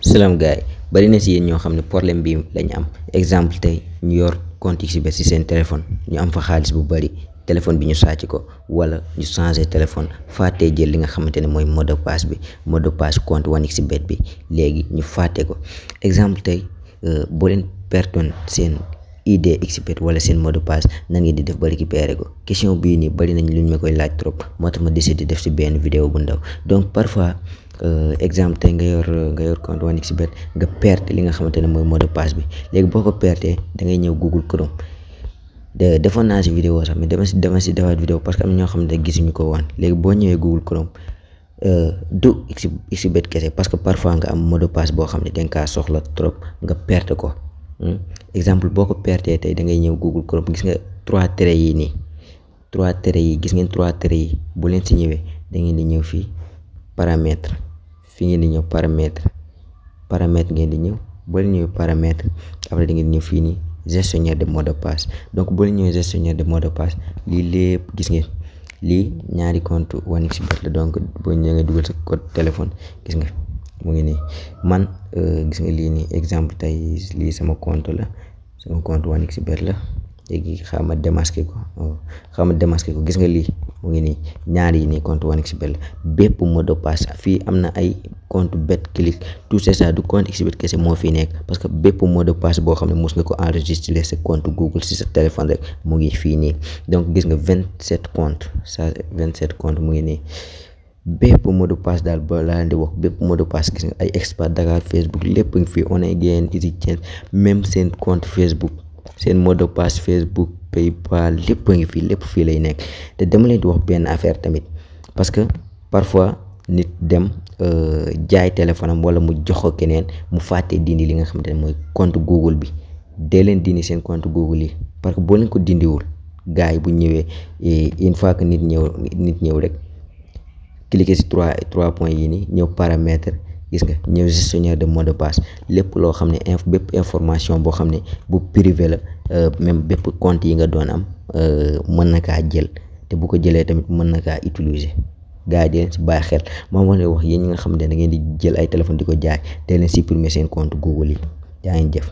salaam gars yi na si yéen ñoo xam ne problème bi lañu am exemple tey ñu yor compte XBET si seen téléphone ñu am fa xaalis bu bari téléphone bi ñu sàcc ko wala ñu changé téléphone fàtte jël li nga xamante ne mooy mot de bi mot de passe compte 1 bi léegi ñu fàtte ko exemple tey euh, boo leen pertoon seen ID XBET wala seen mot de passe di def ba récupérer ko question bii nii bari nañ lu ñu ma koy laaj trop moo tax ma décidé def si benn vidéo bu Eh, exemple tey nga yor nga yor compte bet nga perte li nga xamante ne mot de passe bi léegi boo ko perte da ngay ñëw Google Chrome de defoon naa si vidéo sax dama si dama si defaat vidéo parce que am na ñoo xam ne ko Google Chrome eh, du XBet kese parce que parfois nga am mot de passe boo xam ne soxla trop nga perte ko hmm? exemple boo ko pertee tey da ngay Google Chrome gis nga trois traits yi nii trois traits yi gis ngeen trois traits yi bu da di ñëw fi ngeen di ñëw paramètre paramètre ngeen di ñëw boo leen ñëwee paramètre après da ngeen ñëw fii nii gestionnaire de mot de passe donc boo leen ñëwee gestionnaire de mot de passe lii lépp gis ngeen lii ñaari compte la donc sa code téléphone gis nga mu ngi man euh, gis nga lii nii exemple tey lii sama compte la sama compte one xbet la léegi xama démasqué ko xama démasqué ko gis nga mu ngi nii ñaar yi nii compte OneXBet bépp mot de passe fii am na ay compte BetClic tout c'est ça du compte XBet kese moo fi nekk parce que bépp mot de boo xam ne mos nga ko enregistré sa compte Google si sa téléphone mu ngi fii nii donc gis nga 27 compte ça set compte mu ngi nii bépp mot de passe daal ba laa di wax bépp mot de passe gis nga ay expat Dakar Facebook lépp ngi fii on est gain easy change même seen compte Facebook seen mot de passe Facebook. PayPal lépp a ngi fi lépp fii lay nekk te dama leen di wax benn affaire tamit parce que parfois nit dem euh, jaay téléphone am wala mu jox ko mu fàtte dindi li nga xamante ne compte Google bi dee leen dindi seen compte Google yi parce que boo leen ko dindiwul gars yi bu ñëwee eh, une fois que nit ñëw nit ñëw rek cliquer ci trois trois points yi nii ñëw paramètre gis nga ñëw gestionnaire de mot de passe lépp loo xam ne information boo xam bu privé la. Euh, même bépp compte yi nga doon am euh, mën na kaa jël te bu ko jëlee tamit mën na kaa utiliser gaa yi di baa xel moom moo ne wax yéen ñi nga xam ne da ngeen di jël ay téléphone di ko jaay te leen supprimer seen compte Google yi yaa ngi jëf